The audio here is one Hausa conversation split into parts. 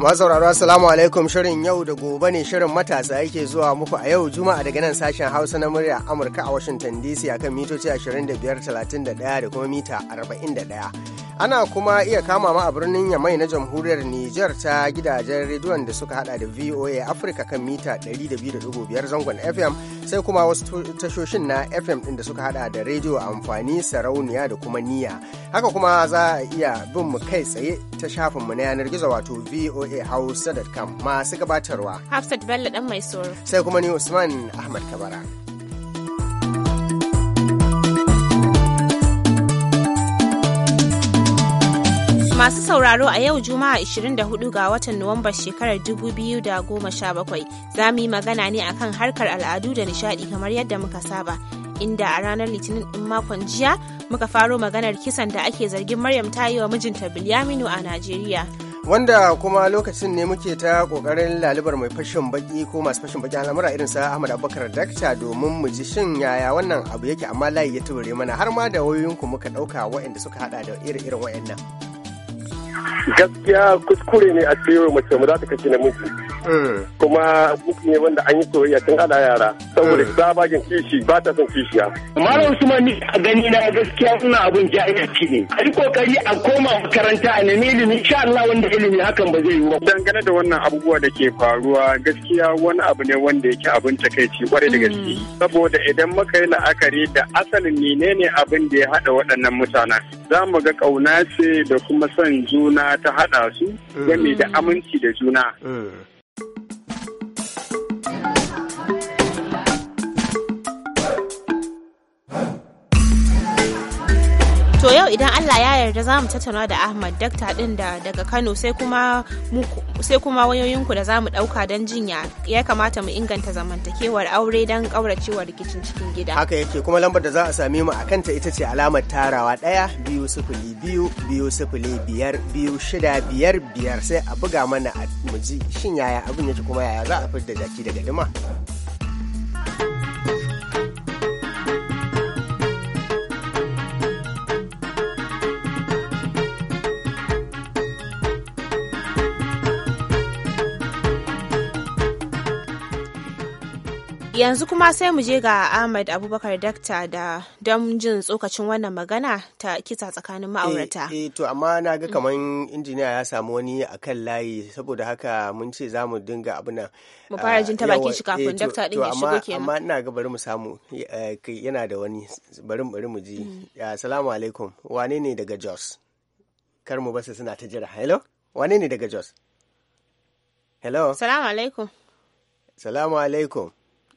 masauraro assalamu alaikum shirin yau da gobe ne shirin matasa yake zuwa muku a yau juma'a daga nan sashen hausa na murya amurka a washington dc akan mitoci 25 31 da kuma mita 41 ana kuma iya kama ma a birnin yamai na jamhuriyar Nijar ta gidajen rediyon da suka hada da VOA Africa kan mita 102.5 zangon FM sai kuma wasu tashoshin na FM din da suka hada da rediyo amfani sarauniya da kuma niya haka kuma za a iya bin mu kai tsaye ta shafin mu na yanar gizo wato voahausa.com masu gabatarwa Hafsat Bello dan mai soro sai kuma ni Usman Ahmad Kabara masu sauraro a yau Juma'a 24 ga watan Nuwambar shekarar 2017 za mu yi magana ne a kan harkar al'adu da nishadi kamar yadda muka saba. Inda a ranar Litinin din makon jiya muka faro maganar kisan da ake zargin Maryam ta yi wa mijinta Bilyaminu a Najeriya. Wanda kuma lokacin ne muke ta kokarin lalibar mai fashin baki ko masu fashin baki al'amura irin sa Ahmad Abubakar Dakta domin mu ji shin yaya wannan abu yake amma layi ya tubure mana har ma da wayoyinku muka dauka waɗanda suka hada da irin irin waɗannan. gaskiya kuskure ne a cewa mace mu za ta kashe namiji Mm. kuma book ne wanda an yi soyayya tun ana yara saboda jin mm. kishi ba ta son kishiya wasu usman ni a gani na gaskiya ina abun jahilci ne a yi kokari a koma makaranta a nemi ilimi insha Allah wanda ilimi hakan ba zai yi ba dangane da wannan abubuwa da ke faruwa gaskiya wani abu ne wanda yake abin takaici kwarai da mm. gaske saboda idan muka yi la'akari da asalin menene abin da ya haɗa waɗannan mutanen za mu ga ƙauna ce da kuma son juna ta haɗa su game da aminci da juna To yau idan Allah ya yarda za mu tattauna da Ahmad dakta din da daga Kano sai kuma sai kuma wayoyinku da za mu ɗauka don jinya ya kamata mu inganta zamantakewar aure don ƙauracewa rikicin cikin gida. Haka yake kuma lambar da za a same mu a kanta ita ce alamar tarawa ɗaya biyu sifili biyu biyu sifili biyar biyu shida biyar biyar sai a buga mana a muji shin yaya abin yake kuma yaya za a fidda jaki daga dima. yanzu kuma sai mu je ga ahmad abubakar dakta da don jin tsokacin wannan magana ta kisa tsakanin eh, ma'aurata eh to amma na ga kamar injiniya ya samu wani akan layi saboda haka mun ce za mu dinga abu nan mu fara jin ta ah, bakin shi kafin eh, dakta din ya shigo kenan amma ina ga bari mu samu eh, yana da wani bari bari mu ji mm. assalamu alaikum wane ne daga jos kar mu basa suna ta jira hello wane ne daga jos hello salamu alaikum salamu alaikum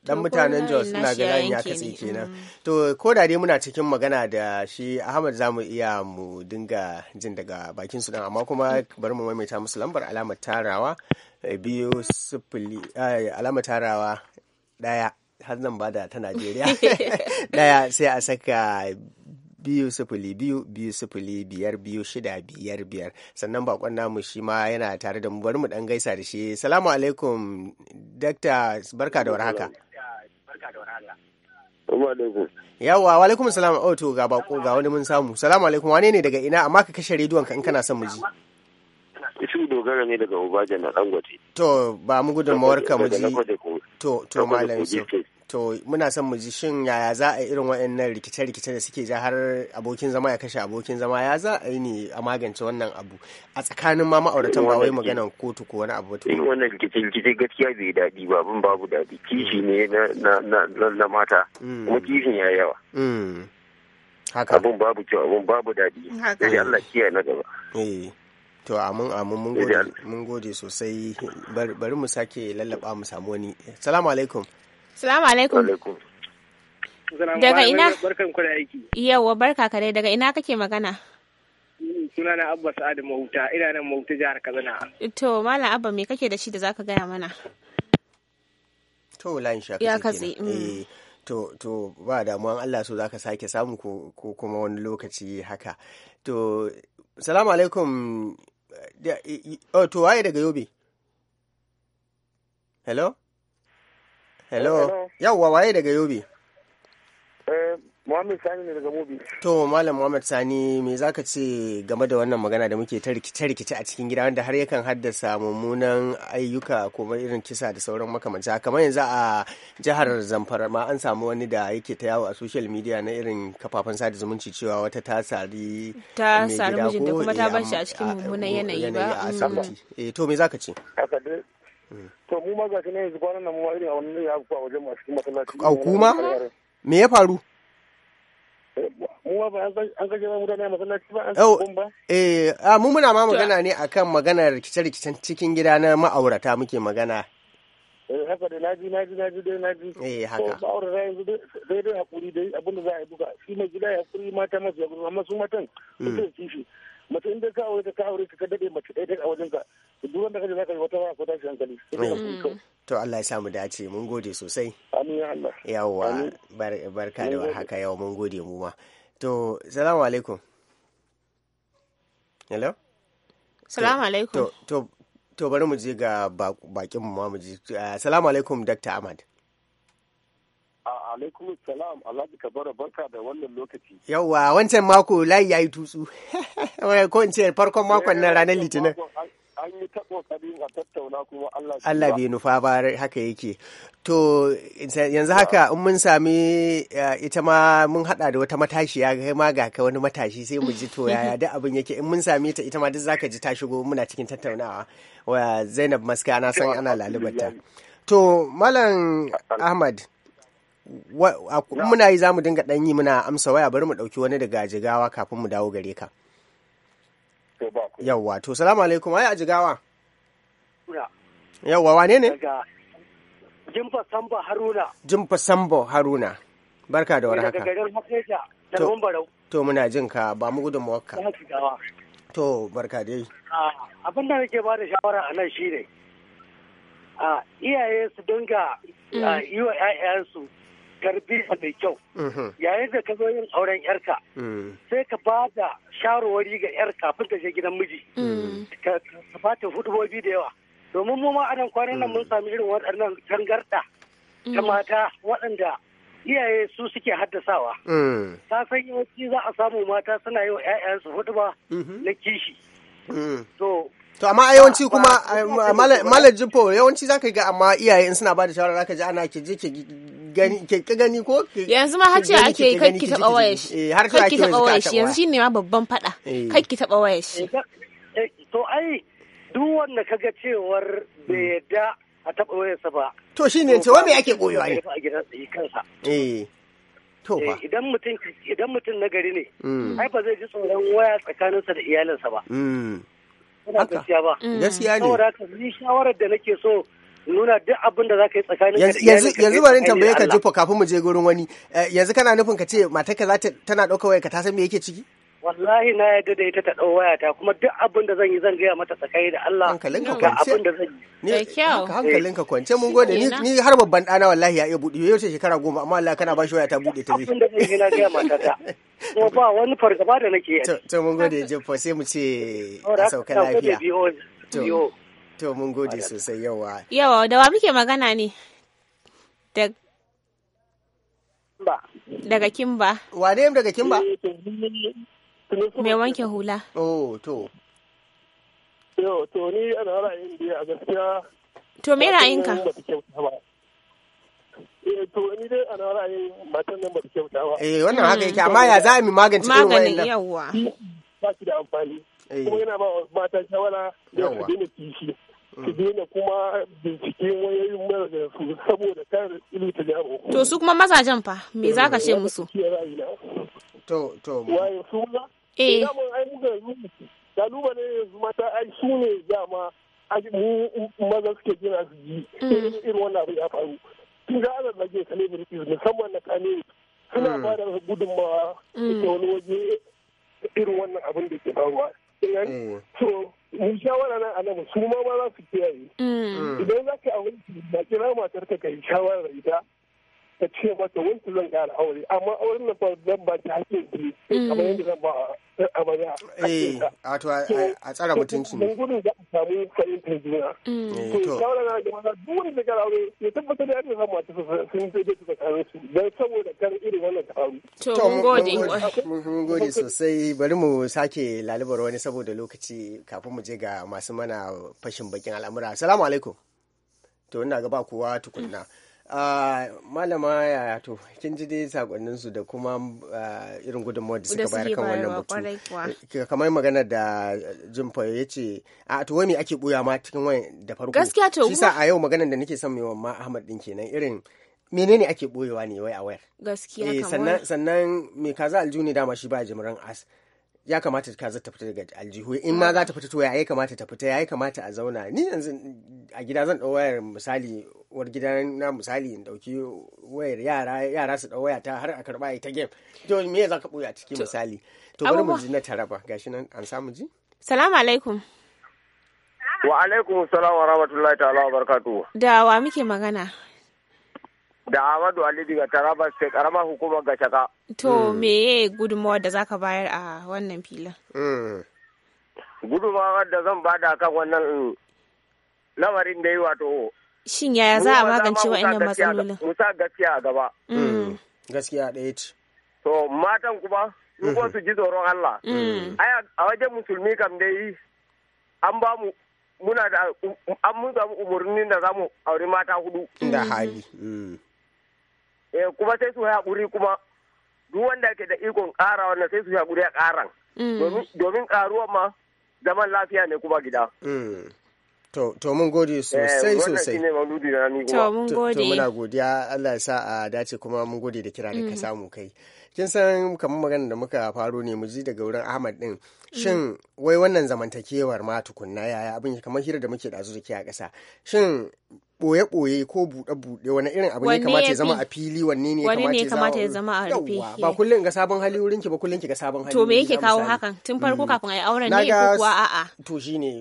dan mutanen jos suna layin ya katse kenan mm. to ko da dai muna cikin magana da shi ahmad zamu iya mu dinga jin daga bakin su amma kuma bari mu maimaita musu lambar alamar tarawa eh, biyu sifili eh, alamar tarawa daya har bada ta najeriya daya sai a saka biyu sifili biyu biyu sifili biyar biyu shida biyar biyar sannan bakon namu shi ma yana tare da mu bari mu dan gaisa da shi salamu alaikum dakta barka da warhaka Yawwa wa alaikum salam oh to ga bako ga wani mun samu. Salamu alaikum wane ne daga ina amma ka kashe rediyon ka in kana son mu ji. Isu dogara ne daga Obaja na Dangote. To ba mu gudun mawarka mu ji. To to malam Yusuf. to muna son mu ji shin yaya za a irin waɗannan rikice-rikice da suke ja har abokin zama ya kashe abokin zama ya za a yi ne a magance wannan abu a tsakanin ma ma'auratan ba wai maganan kotu ko wani abu irin wannan rikice-rikice gaskiya bai daɗi ba abin babu daɗi kishi ne na mata mm. kuma kishin ya yawa mm. haka abin babu kyau abin babu daɗi sai Allah kiyaye na gaba eh. to amin amin mun gode mun gode sosai bari mu sake lallaba mu samu wani assalamu alaikum Salamu alaikum. Daga ina? Barkan ku da aiki. Yawwa barka ka dai daga ina kake magana? na Abba Sa'adu Mahuta, ina nan Mahuta jihar Kaduna. To, Malam Abba me kake da shi da zaka gaya mana? To, layin shaka. Ya katse. Mm. Eh, to to ba damuwan Allah so zaka sake samu ko kuma wani lokaci haka to salamu alaikum oh, to waye daga yobe hello hello yawwa waye daga yobe eh, Muhammad Sani ne daga Mobi. To Malam Muhammad Sani me za ka ce game da wannan magana da muke ta rikice-rikice a cikin gida wanda har yakan haddasa mummunan ayyuka ko irin kisa da sauran makamanci kamar yanzu a jihar Zamfara ma an samu wani da yake ta yawo a social media na irin kafafen sada zumunci cewa wata ta sari ta sari ko kuma ta eh, bar shi a cikin mummunan yanayi ba. Mm. Eh, to me ce? Haka to mu ma gashi ne yanzu kwanan nan mu irin a ya a wajen masu cikin masallaci a kuma me ya faru eh, mu ma ba an kashe ba mutane a masallaci ba an eh, a mu ma magana ne akan maganar rikice-rikicen cikin gida na ma'aurata muke magana eh haka da naji naji naji dai naji eh haka dai dai hakuri dai abinda za a yi shi mai gida ya hakuri mata masu ya matan hmm. mace in dai ka aure ka aure ka dade mace dai dai a wajen ka duk wanda kaje zaka yi wata ba ko tashi hankali mm. to Allah ya samu dace mun gode sosai amin ya Allah yawa barka da haka yawa mun gode mu ma to salamu alaikum hello salamu alaikum to to bari mu je ga bakin mu ma mu je ah, salamu alaikum dr ahmad alaikum salam Alhaji Kabara barka da wannan lokaci. Yawwa wancan mako layi yayi tutsu. Ko in ce farkon makon nan ranar Litinin. Eh, an yi ta kokarin a tattauna kuma Allah Allah bai nufa ba haka yake to yanzu haka in mun sami eh, ita ma mun hada da wata ya kai ma ga ka wani matashi sai mu ji to yaya duk abin yake in mun sami ta ita ma duk zaka ji ta shigo muna cikin tattaunawa wa Zainab Maska na san ana lalubarta to malam Ahmad muna yi za mu dinga ɗanyi muna amsa waya bari mu ɗauki wani daga jigawa kafin mu dawo gare ka. Yawwa, to salamu alaikum, ai a jigawa. Yawwa, wane ne? Jimfa Sambo Haruna. Jimfa Sambo Haruna. Barka da warhaka. To, to muna jin ka ba mu gudun mawaka. To, barka dai. Abin da nake ba da shawara a nan shi ne. iyaye su dinga mm. yi wa 'ya'yansu tarbiyya mai kyau mhm. yayin da ka zo yin auren yarka mm. sai ka ba da shawarwari ga yar kafin ta je gidan miji mm. ka ta hudubobi da yawa domin mu ma anan kwanan nan mun mm. sami irin waɗannan tangarɗa ta mata waɗanda iyaye su suke haddasawa ta san yawanci za a samu mata suna yi wa 'ya'yansu hudu ba mhm. na kishi to to amma a yawanci kuma malam jimpo yawanci zaka ga amma iyaye in suna ba da shawara zaka ji ana ke je ke gani ke gani ko yanzu ma hace ake kai ki taba waya shi eh, har kai ki taba waya shi yanzu shine ma babban fada eh. kai ki taba waya shi eh, to ai duk wanda kaga cewar bai hmm. yadda a taba wayarsa ba to shine ce wai me ake koyo ne a yi kansa eh To ba. Idan mutum idan mutum na gari ne, hmm. ai ba zai ji tsoron waya tsakaninsa da iyalinsa ba. Hmm. Kuna gaskiya ba. Mm. Gaskiya ne. Saboda haka ni shawarar da nake so nuna duk abin da za ka yi tsakanin yanzu yanzu bari in tambaye ka jifo kafin mu je gurin wani eh, yanzu kana nufin ka ce ka za ta tana ɗaukar ka ta san me yake ciki wallahi na yadda da ita ta ɗau waya ta kuma duk abin da zan yi zan gaya mata tsakani da Allah Hankalin ka kwance abin da zan yi Da Hankalin ka kwance mun eh, gode ni ni har babban ɗana wallahi ya iya buɗe yau ce shekara goma amma Allah kana ba shi waya ta buɗe ta zai abin da zan yi na gaya mata ta. kuma ba wani fargaba da nake yi to mun gode jeffa sai mu ce a sauka lafiya to mun gode sosai yawa yawa da wa muke magana ne da daga kimba Wa ne daga kimba eh, mai wanke hula oh to yo to ni ana ra'ayin da a gaskiya to me ra'ayinka Eh to ni dai ana ra'ayin matan nan ba su kyauta ba. Eh wannan haka mm, yake amma ya za mu magance irin wannan. Maganin yawa. Ba shi da amfani. Eh. Kuma yana ba mata shawara da su daina kishi. Ki mm. daina kuma bincike wayoyin mara da su saboda kan ilu ta jabo. To su kuma mazajen fa me za ka ce eh, musu? To to. Wayo su ma? Eh. eh Damun ai muka kalubale yanzu mata ai su ne dama mu maza suke jira su ji mm. irin wannan abu ya faru. za a zage celebrities musamman na kane suna hmm. ba da gudunmawa hmm. da wani waje irin wannan abin da ke faruwa hmm. so mu shawara nan anan su ma ba za su kiyaye idan za ka yi abin da kira matar ka kai shawara ita ta ce mata wanki zan ƙara aure amma auren na zan ba ta hake ki kamar mm. yadda zan ba a baya eh a to a tsara mutunci ne gudun za a samu fahimtar juna mm. eh, to shawara na ga maza duk wanda zai ƙara aure ya tabbatar da yadda zan ba ta sun je da suka kare su dan saboda kar irin wannan ta to mun gode mun gode sosai bari mu sake lalubar wani saboda lokaci kafin mu je ga masu mana fashin bakin al'amura assalamu alaikum to ina ga ba kowa tukunna mm. malama yaya to kin ji dai sakonnin su da kuma irin gudunmawar da suka bayar kan wannan batu eh, kamar magana da jimfa ya ce a to wani ake buya ma cikin wani da farko gaskiya to shi sa a yau maganar da nake son mai ma Ahmad din kenan irin menene ake boyewa ne wai a wayar gaskiya eh, kamar sannan sannan me kaza aljuni dama shi ba jimran as ya kamata ka za ta fita daga aljihu in ma za ta fita to ya kamata ta fita ya kamata a zauna ni yanzu a gida zan dawo wayar misali uwar gida na misali in dauki wayar yara yara su dau waya ta har a karba ita game to me za ka buya cikin misali to bari mu ji na taraba gashi nan an samu ji salamu alaikum wa alaikum salam wa rahmatullahi ta'ala wa barakatuhu da wa muke magana da Ahmadu Ali daga Taraba sai karama hukumar Gashaka. To hmm. meye gudunmawar da zaka bayar a wannan filin? Hmm. Gudunmawar da zan bada kan wannan lamarin da yi wato Shin yaya za a magance wa'annan matsalolin? Musa gaskiya a gaba. Mm. Mm. Gaskiya ɗaya ce. To matan kuma su kuma mm-hmm. su ji tsoron Allah. Mm. A wajen musulmi kam dai an ba mu muna da an mun samu umarnin da mu auri mata hudu. Da mm-hmm. hali. Eh kuma sai su haƙuri kuma duk wanda ke da ikon ƙara wannan sai su haƙuri a ƙaran. Domin ƙaruwa ma zaman lafiya ne kuma gida. To mun gode sosai eh, sosai. To mun gode. To muna godiya Allah ya sa a dace kuma mun gode da kira da ka mm. samu kai. Kin san kamar magana da muka faro ne mu ji daga wurin Ahmad din. Shin mm. wai wannan zamantakewar ma tukunna yaya abin kamar hira da muke da ke a ƙasa. Shin ɓoye-ɓoye ko buɗe-buɗe wani irin abu ne kamata ya zama a fili wani ne ya kamata ya zama a rufe ba kullum ga sabon hali wurin ki ba kullum ki ga sabon hali to me yake kawo hakan tun farko mm. kafin a yi auren ne ko kuwa a'a to shine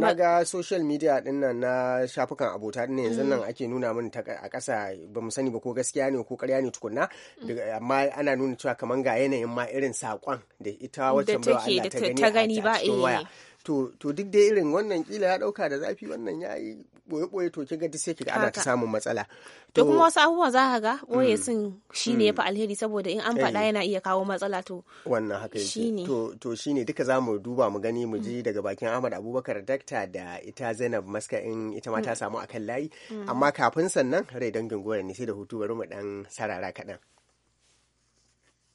naga social media din nan na shafukan abota din yanzu mm. nan ake nuna min ta a ƙasa ba mu sani ba ko gaskiya ne ko ƙarya ne tukunna mm. amma ana nuna cewa kaman ga yanayin ma irin saƙon da ita wacce ba Allah ta gani ba a cikin eh. waya to duk dai irin wannan kila ya dauka da zafi wannan ya yi boye-boye to kiga ga sai kiga ana ta samun matsala to kuma wasu abubuwa za ka ga boye mm. sun shine yafi mm. alheri saboda in an eh. faɗa yana iya kawo matsala to wannan haka yake to to shine duka zamu duba mu gani mu ji mm. daga bakin Ahmad Abubakar dakta da ita Zainab Maska in ita ma ta samu akan layi amma kafin sannan rai dangin gora ne sai da hutu bari mu dan sarara kaɗan.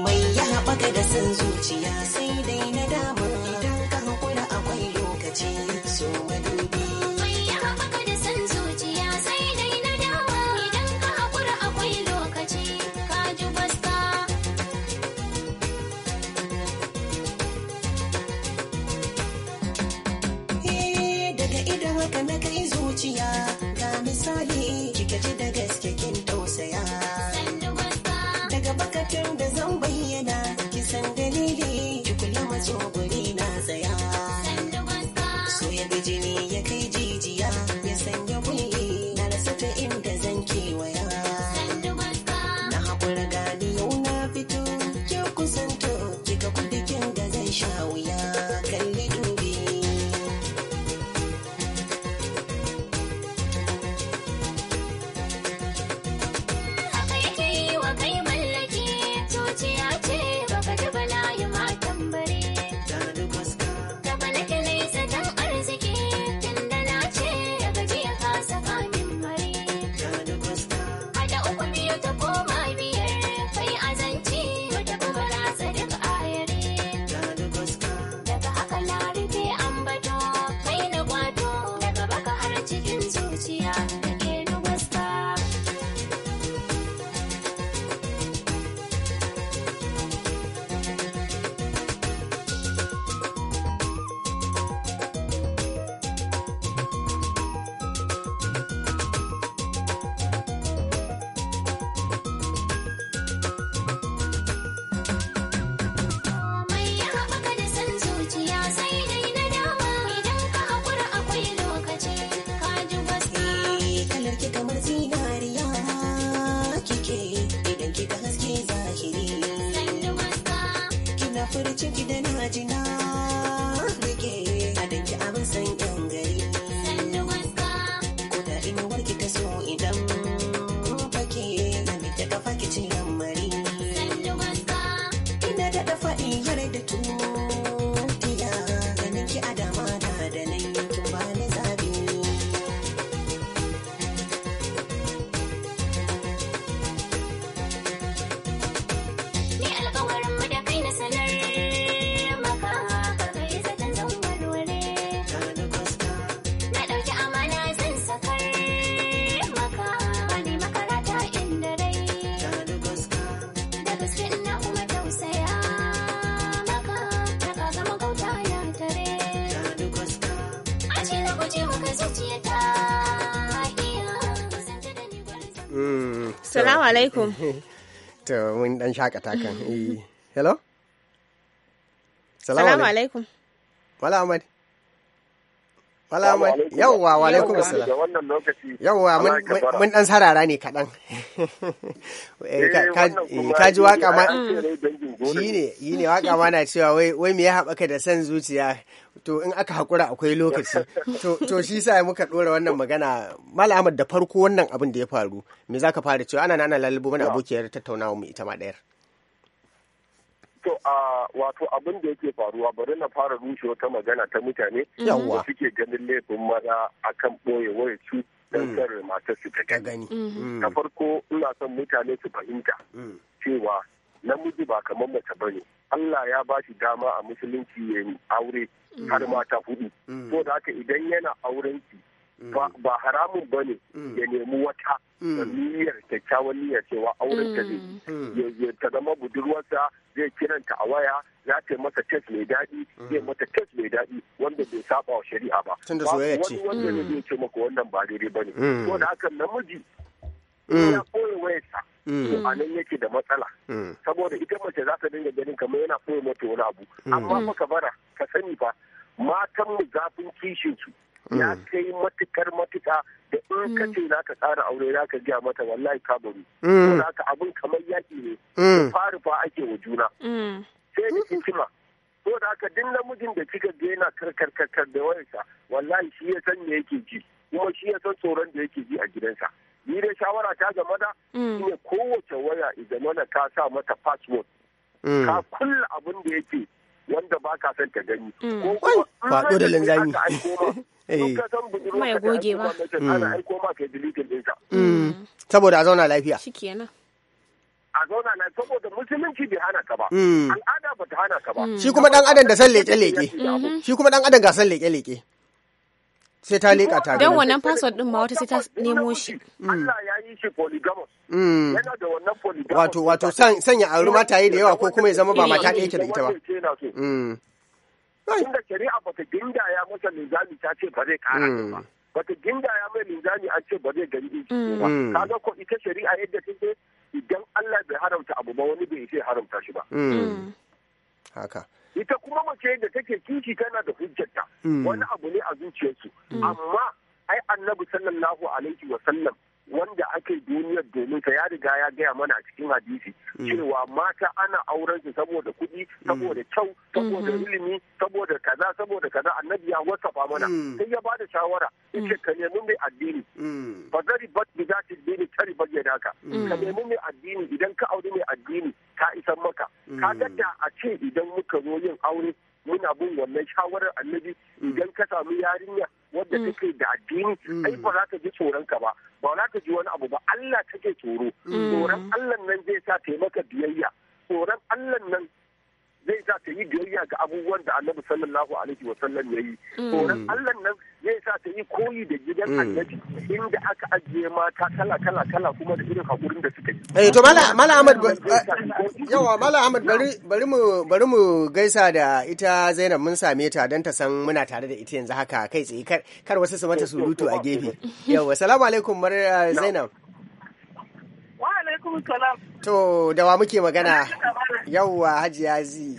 mai ya haɓaka da san zuciya sai dai na damar furci gidan na jina rike a dake abin san yan gari ko da ina warki ta so idan fake na bi ta kafa ki cin lamari ina da dafa yare da tuwo Salamu alaikum. To mun dan shakata kan. Eh, hello? Salamu alaikum. Wala amadi Salamu yawwa wa alaikum assalam. Yawwa mun dan sarara ne kaɗan. Eh, eh, ka ji waka ma yi ne waka ma na cewa wai wai me ya haɓaka da san zuciya to in aka haƙura akwai lokaci to shi sa muka ɗora wannan magana malamar da farko wannan abin da ya faru me za ka fara cewa ana nana lalubo mana abokiyar tattaunawa mu ita ma ɗayar. To a wato abin da yake faruwa bari na fara rushe wata magana ta mutane da suke ganin laifin maza akan ɓoye waya su don mm. kare matar su ta gani. Mm-hmm. Mm. ta farko ina son mutane su fahimta mm. cewa namiji ba kamar mace ne. Allah ya ba shi dama a musulunci ya aure har mata hudu. to da haka idan yana aurenki ba haramun ba ne mm. ya nemi wata mm. da niyyar kyakkyawan niyyar cewa auren ta zai mm. ta zama budurwarsa zai kiranta a waya za ta yi masa test mai daɗi zai mata test mai daɗi wanda bai saba wa shari'a ba wanda ne zai ce maka wannan ba daidai ba ne to da hakan namiji ya koya wayarsa to a nan yake da matsala saboda ita mace za ta dinga ganin kamar yana koya mata wani abu amma maka bara ka sani ba. matan mu zafin kishin su ya mm. kai matukar matuka da in ka mm. ce za ka tsara aure za ka gaya mata wallahi ka bari. Za mm. ka abin kamar yaki ne. Fari fa ake wa juna. Sai da hikima. Ko da duk namijin da kika ga yana karkarkarkar da wayarsa wallahi shi ya san me yake ji. Kuma shi ya san tsoron da yake ji a gidansa. Ni dai shawara ta game da. Shi kowace waya idan mana ta sa mata password. Ka kulla abin da yake wanda ba ka san ka gani mm. ko da linzami eh. mai goge ba ana mm. aiko ma kai deleting ɗinka mm. saboda a zauna lafiya shikenan a zauna na saboda musulunci bai hana ka ba al'ada ba ta hana ka ba shi kuma ɗan adam da san leƙe-leƙe. Mm-hmm. shi kuma ɗan adam ga san leƙe-leƙe. sai ta leka ta don wannan password din ma wata sai ta nemo shi mm. Allah ya yi shi polygamous mm. yana da wannan polygamous wato wato sanya auri mataye da yawa ko kuma ya zama ba mata ɗaya ke da ita mm. ba inda shari'a bata gindaya masa linzami ta ce ba zai kara ba bata gindaya mai linzami an ce ba zai gari ce ba kaga ko ita shari'a yadda ce idan Allah bai haramta abu ba wani bai ce haramta shi ba haka ita kuma mace da take kishi tana da hujjata mm. wani abu ne a zuciyarsu mm. amma ai annabi sallallahu alaihi wa sallam wanda ake duniyar domin ka ya riga ya gaya mana a cikin hadisi mm. cewa mata ana auren su saboda kuɗi saboda kyau saboda mm-hmm. ilimi saboda kaza saboda kaza annabi ya wasafa mana sai ya bada shawara yace ka nemi mai addini ba zari ba bi zati dini tari bayyana ka ka nemi mai addini idan ka auri mai addini ka isan maka ka da a ce idan muka zo yin aure muna bin wannan shawarar annabi mm. idan ka samu yarinya wadda mm. take da addini mm. ai ba za ka ji tsoron ka ba ba za ka ji wani abu ba Allah take tsoro tsoron Allah nan zai sa taimaka maka biyayya tsoron Allah nan ta yi biyayya ga abubuwan da annabi sallallahu alaihi wa sallam ya yi mm. tsoron allah nan zai sa ta yi koyi da gidan mm. annabi inda aka ajiye mata kala kala kala kuma da irin hakurin da suka yi eh to mala mala ahmad yawa mala ahmad bari bari mu bari mu gaisa da ita zainab mun same ta dan ta san muna tare da ita yanzu haka kai tsaye kar wasu su mata eh, surutu a gefe yawa assalamu alaikum mar zainab To, da wa muke magana? Yawwa Hajiya Zi.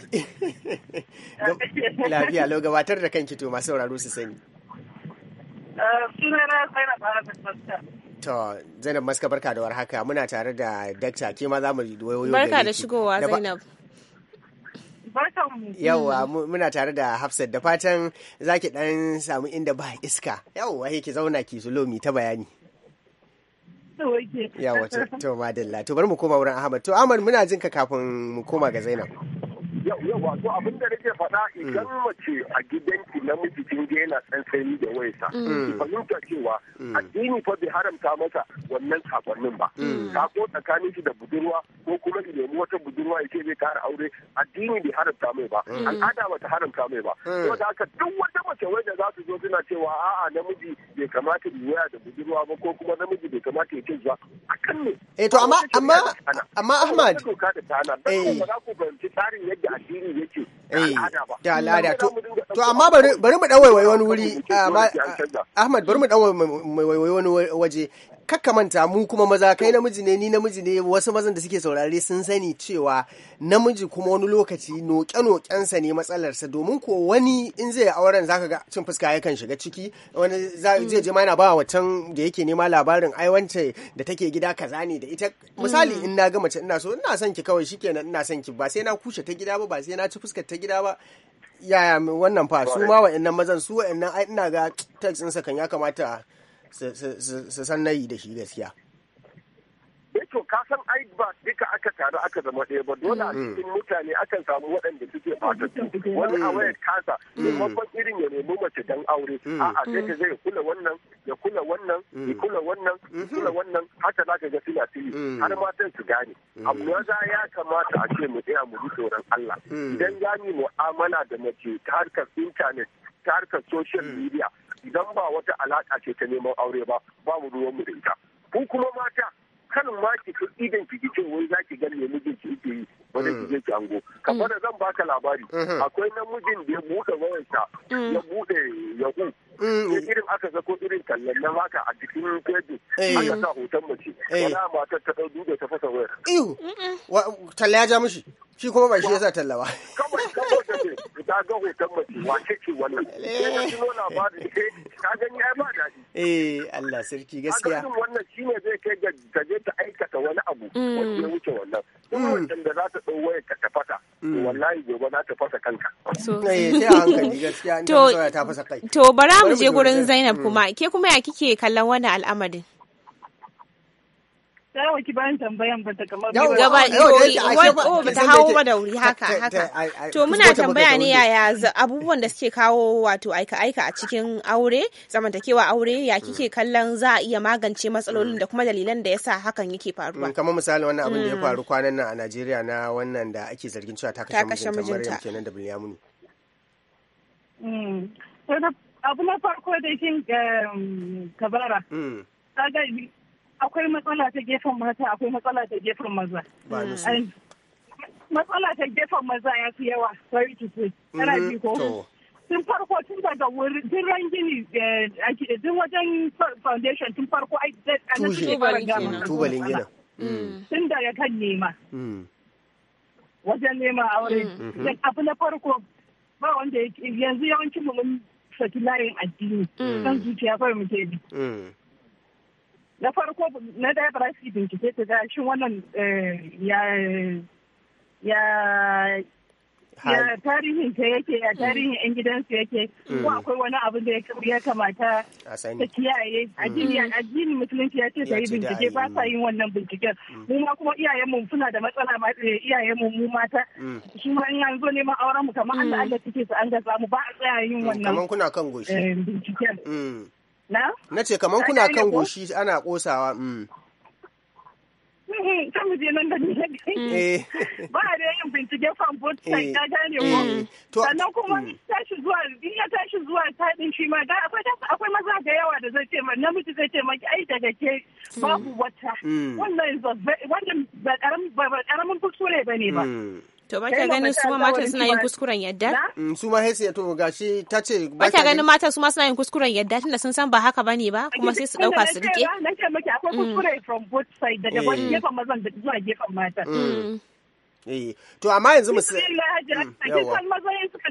Lafiya lau gabatar da kanki to masu sauraro su sani. Eh, sunana Zainab Maska. To, Zainab Maska barka da warhaka muna tare da dakta ke ma za mu wayoyo Barka da shigowa Zainab. Yawwa muna tare da Hafsat da fatan zaki dan samu inda ba iska. Yawwa ke zauna ki zulomi ta bayani. yawa to madalla to bari mu koma wurin ahmad to ahmad muna jinka kafin mu koma ga zainab yawa to abin da nake faɗa idan mm. mace a gidanki namiji kin ga yana tsantsani da wayarsa mm. ki fahimta cewa mm. addini fa bai haramta masa wannan sakonnin ba ka ko tsakanin shi da budurwa ko kuma ki nemi wata budurwa ya ce zai kara aure addini bai haramta mai ba al'ada bata haramta mai ba da haka duk wata mace wai da za su zo suna cewa a'a namiji bai kamata ya waya da budurwa ba ko kuma namiji bai kamata ya ce zuwa kan ne eh to amma amma amma Ahmad eh ba za ku fahimci tsarin yadda addini yake da eh, al'ada to amma bari mu dan waiwai wani wuri ah, Ahmad bari mu dan wani waje kakka manta mu kuma maza kai namiji ne ni namiji ne wasu mazan da suke saurare sun sani cewa namiji kuma wani lokaci noke nokensa ne matsalarsa domin ko wani in zai auren zaka ga cin fuska yakan shiga ciki wani mm. zai je ma yana ba wancan da yake nema labarin ai wance da take gida kaza ne da ita misali mm. in na ga mace ina so ina son ki kawai shikenan ina son ki ba sai na kushe ta gida ba ba sai na ci fuskar ta gida ba yaya wannan fa su ma wa'annan mazan su wa'annan ai ina ga text ɗinsa kan ya kamata su san nayi da shi gaskiya eh to ka san ba duka aka taru aka zama ɗaya ba dole a mm. cikin mutane akan samu waɗanda suke mm. fatattu mm. wani a wayar kasa babban irin ya nemi mace dan aure a'a sai ka zai kula wannan ya kula wannan ya kula wannan ya mm-hmm. kula wannan haka za ka ga suna fi har matan su gane amma za ya kamata a ce mu tsaya mu ji tsoron Allah idan gani mu'amala da mace ta harkar intanet ta harkar social media idan ba wata alaƙa ce ta neman aure ba ba mu ruwan mu da ita ku kuma mata kan ma ki fi idan ki ce wai za ki gane mijin ki yake yi wanda mm. ki je ki ango kamar mm. da zan baka labari mm-hmm. akwai namijin da ya buɗe wayarsa mm. ya buɗe yahu Mm. irin aka sako irin tallan na haka a cikin keji eh. aka sa hoton mace eh. wala matar ta dau duka ta fasa wayar ihu talla ya ja mishi shi kuma bai shi ya sa talla ba kawai kawai ta ga hoton mace wace ce wannan eh. sai ka tuno labarin sai ka gani ai ba daɗi eh Allah sarki gaskiya akan wannan shine zai kai ga ta je ta aikata wani abu mm. wanda ya wuce wannan mm. kuma wanda za ta dau wayar ta tafata Mm. wallahi gobe za ta fasa kanka. Eh, to, bara mu je gurin Zainab mm. kuma, ke kuma ya kike kallon wannan al'amarin? Yawa ki bayan tambayan ba ta kamar ba ta hawo ba wuri haka haka. To muna tambaya ne yaya abubuwan da suke kawo wato aika-aika a cikin aure zamantakewa aure ya hmm. kike kallon za a iya magance matsalolin hmm. da kuma dalilan da yasa hakan yake faruwa. Hmm, kamar misali wannan abin da ya faru kwanan nan a Najeriya na wannan da ake zargin cewa ta kashe mijinta Maryam kenan da Bilyamuni. Abu na farko da kin um, kabara. Kaga akwai matsala ta gefen mata akwai matsala ta gefen maza matsala ta gefen maza ya fi yawa sorry to say kana ji ko mm-hmm. tun farko tun daga wurin tun rangini eh, tun wajen foundation tun farko a nan suke fara gama tubalin gina mm. mm. tun daga kan nema mm. wajen nema aure mm-hmm. abu na farko ba wanda yanzu yawancin mu mun saki layin addini kan zuciya kawai muke bi na farko na daya ba su bincike ta da shi wannan eh, ya ya ya tarihin ta yake ya tarihin yan mm. gidansu yake ko mm. akwai wani abin da ya kamata ta kiyaye mm. addini addini musulunci ya ce ta yi bincike ba sa yin wannan binciken mu ma kuma iyayen mu suna da matsala ma eh, iyayen mu mu mata shi ma in an zo neman auren mu kamar Allah Allah take su an ga samu ba a tsaya yin wannan kuna eh, binciken Na? Na ce kamar kuna kan goshi ana kosawa. Mm. ta mu je nan da ne mm. eh. ba a da yin bincike kan both eh. side ka gane ko mm. sannan kuma mm. tashi zuwa in ya tashi zuwa taɗin shi ma da akwai akwai maza da yawa da zai ce ma namiji zai ce ma ai daga ke babu wata wannan ba karamin kusure ne ba To ba ta ganin su mata suna yin kuskuren yadda? Mm, su ma hesi to gashi ta ce ba ta ganin mata su ma suna yin kuskuren yadda tunda sun san ba haka bane ba kuma sai su dauka su rike. Na ce miki akwai mm. kuskure from both side daga eh. gefen da zuwa gefen mata. Mm. Eh to amma yanzu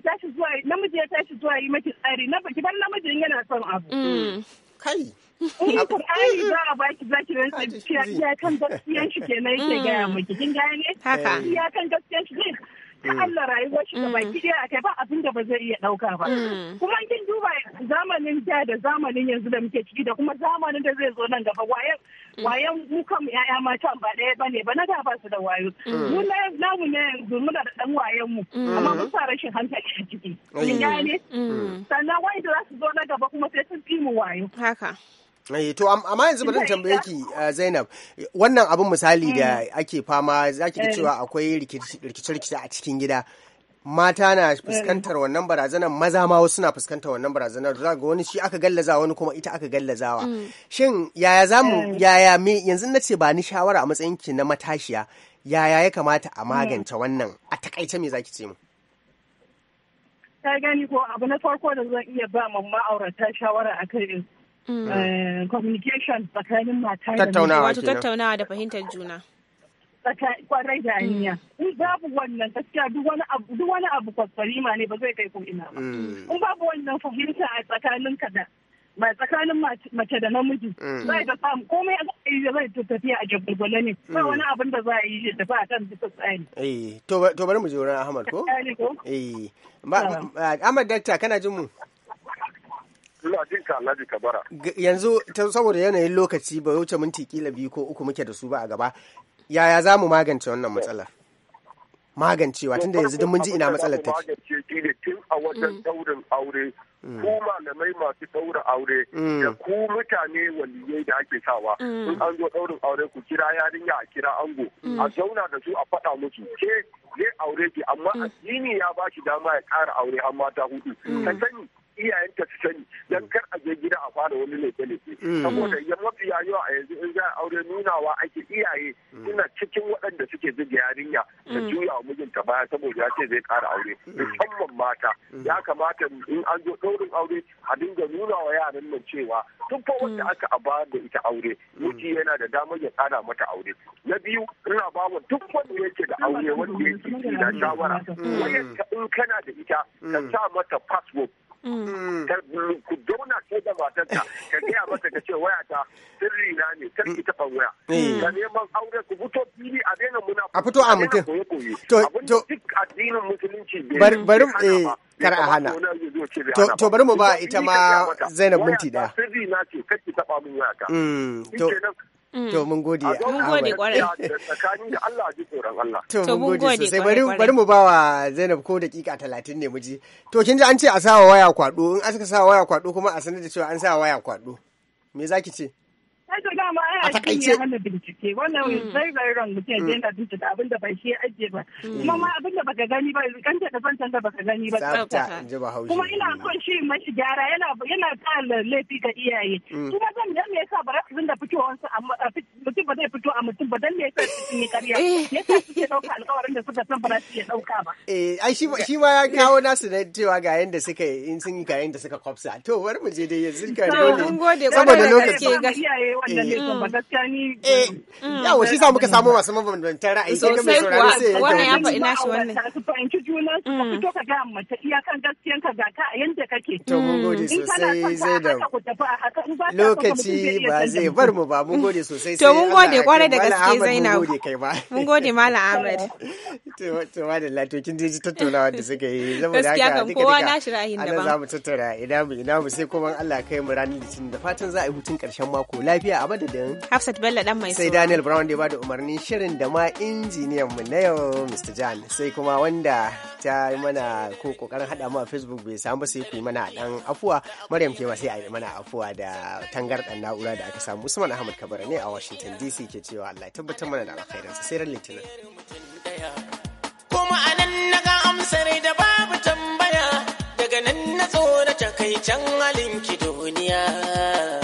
tashi zuwa namiji ya tashi zuwa yi tsari na baki namijin yana son abu. In eh, Kur'ani za a baki za ki rantsa iyakan gaskiyan shi kenan yake mm. gaya miki kin gane? Haka. Eh. Iyakan gaskiyan shi zai ta mm. Allah rayuwar shi gaba mm. ki a kai ba abinda ba zai iya dauka ba kuma kin duba zamanin da da zamanin yanzu da muke ciki da kuma zamanin da zai zo nan gaba wayan wayan mu kam yaya matan ba daya bane ba na da ba su da wayo mu na namu ne yanzu na da dan wayan mu amma mun sa rashin hankali a ciki kin gane sannan wai da su zo na gaba kuma sai sun fi mu wayo haka Eh, to amma yanzu bari tambaye ki eh, Zainab wannan abin misali da mm. ake fama zaki ga eh. cewa akwai rikice-rikice a cikin gida mata na eh. fuskantar wannan barazanar maza ma wasu na fuskantar wannan barazanar za ga wani shi aka gallaza wani kuma ita aka gallazawa mm. shin yaya zamu yaya me yanzu na ce ba ni shawara a matsayin ki na matashiya yaya ya kamata a mm. magance wannan a takaice me zaki ce mu ta gani ko abu na farko da zan iya ba mamma aurata shawara akan Mm. Eh, communication tsakanin mata da tattaunawa wato tattaunawa da fahimtar juna kwarai da hanya mm. in babu wannan gaskiya duk wani abu duk wani abu kwasfarima ne ba zai kai ko ina ba mm. in babu wannan fahimta a tsakanin ka da ba tsakanin mace da namiji zai da samu komai a zai yi zai tafiya a jagwalgwale ne ba wani abin da za a yi da ba a kan bisa tsari eh to bari mu je wurin Ahmad ko eh Ahmad dakta kana jin mu Ina jin ka Alhaji Kabara. Yanzu saboda yanayin lokaci ba wuce minti kila biyu ko uku muke da su ba a gaba. Yaya za mu magance wannan matsalar? Magancewa tunda yanzu duk mun ji ina matsalar ta tun a wajen mm. daurin aure mm. malamai masu ɗaura aure mm. da ku mutane waliyai da ake sawa in an zo aure ku kira yarinya a kira ango a zauna da su a faɗa musu ke zai aure ki amma addini ya ba shi dama ya ƙara aure an mata hudu ka sani iyayenta su sani dan kar a je gida a fara wani leke leke mm. saboda ya mafi yayo a yanzu in za a aure nunawa ake iyaye mm. suna cikin waɗanda suke zuga yarinya da mm. juya wa mijinta baya saboda ya ce zai kara aure musamman mata ya kamata in an zo ɗaurin aure a dinga nuna wa yaran nan cewa duk fa wanda aka aba da ita aure miji yana da damar ya kara mata aure na biyu ina ba wa duk wanda yake da aure wanda yake da shawara wani in kana da ita ka sa mata password Mm. Mm. ku zauna ke da matarka ka gaya mata ka ce waya ta sirri na ne kar ki taɓa waya mm. ka neman aure ku fito fili a daina muna a fito a mutum to to duk addinin musulunci bari bari eh kar a hana to bari mu ba ita ma Zainab minti da sirri na ce kar ta taɓa waya ta to Mm. To mun gode. Mun gode kwarai. Tsakanin da Allah ji tsoron Allah. To mun gode sosai bari bari mu bawa Zainab ko dakika talatin ne muji. To kin ji an ce a sa waya kwado in aka sa waya kwado kuma a sanar da cewa an sa waya kwado. Me zaki ce? dama a cikin ya hana bincike wannan mm. very mutum ya mm. da bai shi ba mm. kuma ma da baka gani ba kan baka gani ba kuma ina son shi mashi gyara yana yana ta ka ga iyaye kuma zan dan me yasa ba za fito mutum ba zai fito a mutum ba dan me yasa su yi ƙarya eh. yasa suke dauka alƙawarin da suka san ba za su iya dauka ba eh ai shi ma ya kawo nasu da cewa ga yanda suka in sun yi ga yanda suka kwafsa to bari mu je dai yanzu wannan laifin mm. eh, masu mabambantan ra'ayi sai ga sai ya wannan ya faɗi nashi wannan su fahimci juna su mm. fito ka ga mace iyakan a yanda kake to mun gode sosai zai da lokaci ba zai mu ba mun gode sosai to mun gode kwarai da gaske Zainab mun gode Malam Ahmed to to tattaunawa da suka yi saboda haka kowa nashi ra'ayin za mu tattara ina mu ina mu sai kuma Allah kai mu ranar litinin da fatan za a yi hutun karshen mako lafiya Lafiya a madadin. Hafsat Bello dan mai Sai Daniel Brown da ya bada umarni shirin da ma injiniyan mu na yau Mr. Jan. Sai kuma wanda ta mana ko kokarin hada mu a Facebook bai samu ba sai ku yi mana dan afuwa. Maryam ke ba sai a yi mana afuwa da tangar tangardan na'ura da aka samu. Usman Ahmad Kabara ne a Washington DC ke cewa Allah ya tabbatar mana da sa sai ran Litinin. Kuma anan naga amsar da babu tambaya daga nan na tsoro ta kai can halin duniya.